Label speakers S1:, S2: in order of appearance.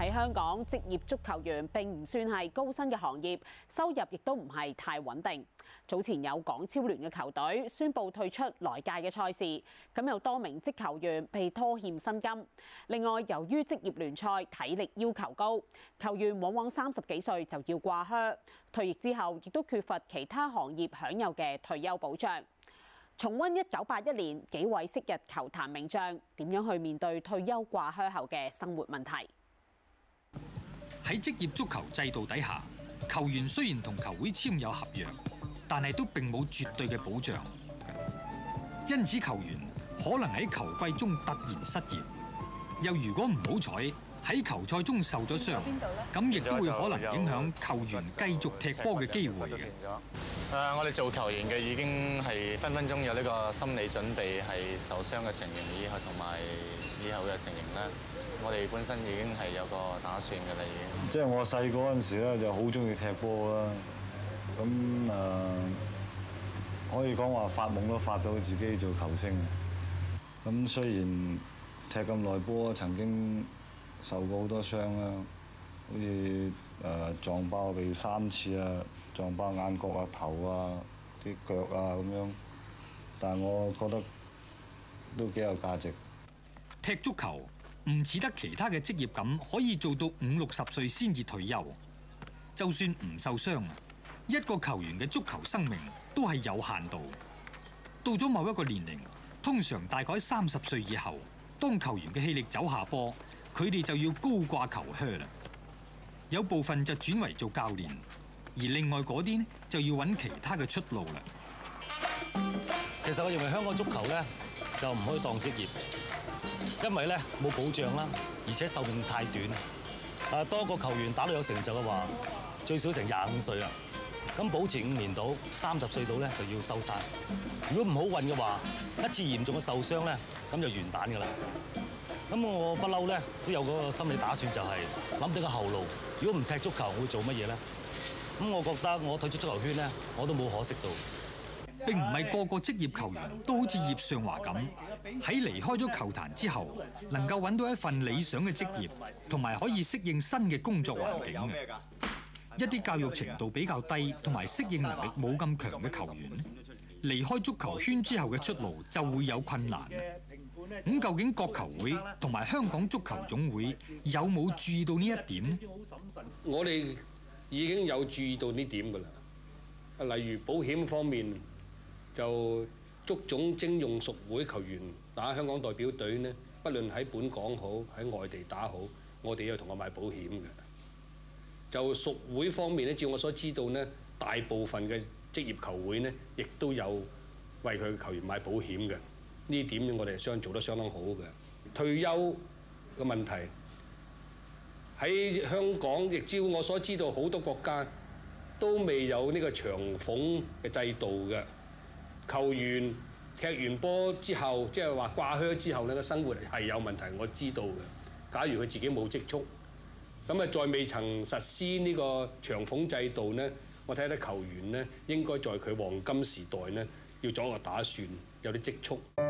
S1: 喺香港，職業足球員並唔算係高薪嘅行業，收入亦都唔係太穩定。早前有港超聯嘅球隊宣布退出來屆嘅賽事，咁有多名職球員被拖欠薪金。另外，由於職業聯賽體力要求高，球員往往三十幾歲就要掛靴，退役之後亦都缺乏其他行業享有嘅退休保障。重溫一九八一年幾位昔日球壇名將點樣去面對退休掛靴後嘅生活問題。
S2: 喺職業足球制度底下，球員雖然同球會簽有合約，但係都並冇絕對嘅保障，因此球員可能喺球季中突然失業，又如果唔好彩喺球賽中受咗傷，咁亦都會可能影響球員繼續踢波嘅機會。誒、
S3: 呃，我哋做球員嘅已經係分分鐘有呢個心理準備，係受傷嘅情形以後同埋以，以後嘅情形啦。我哋本身已經係有個打算嘅啦，已經。即係我細個嗰陣時咧，就好中意踢波啦。咁誒，可以講話發夢都發到自己做球星。咁雖然踢咁耐波，曾經受過好多傷啦，好似誒撞爆鼻三次啊，撞爆眼角啊、頭啊、啲腳啊咁樣。但我覺得都幾有價值。踢足球。
S2: 唔似得其他嘅職業咁，可以做到五六十歲先至退休。就算唔受傷，一個球員嘅足球生命都係有限度。到咗某一個年齡，通常大概三十歲以後，當球員嘅氣力走下坡，佢哋就要高掛球靴啦。有部分就轉為做教練，而另外嗰啲呢，就要揾其他嘅
S4: 出路啦。其實我認為香港足球咧就唔可以當職業，因為咧冇保障啦，而且壽命太短。啊，多個球員打到有成就嘅話，最少成廿五歲啦，咁保持五年到三十歲到咧就要收山。如果唔好運嘅話，一次嚴重嘅受傷咧，咁就完蛋噶啦。咁我不嬲咧，都有個心理打算，就係諗定個後路。如果唔踢足球，我會做乜嘢咧？咁我覺得我退出足球圈咧，我都冇可惜到。並唔係個個職業球員都好似葉尚華咁喺離
S2: 開咗球壇之後，能夠揾到一份理想嘅職業，同埋可以適應新嘅工作環境嘅。一啲教育程度比較低，同埋適應能力冇咁強嘅球員，離開足球圈之後嘅出路就會有困難。
S4: 咁
S2: 究竟各球會同埋香港足球總會有冇注意到呢一點？
S4: 我哋
S5: 已經有注意到呢點㗎喇，例如保險方面。就足總徵用屬會球員打香港代表隊呢，不論喺本港好，喺外地打好，我哋要同佢買保險嘅。就屬會方面咧，照我所知道呢，大部分嘅職業球會呢，亦都有為佢嘅球員買保險嘅。呢點我哋想做得相當好嘅。退休嘅問題喺香港，亦照我所知道，好多國家都未有呢個長俸嘅制度嘅。球員踢完波之後，即係話掛靴之後咧，個生活係有問題，我知道嘅。假如佢自己冇積蓄，咁啊，再未曾實施呢個長俸制度呢，我睇得球員呢，應該在佢黃金時代呢，要做一個打算，有啲積蓄。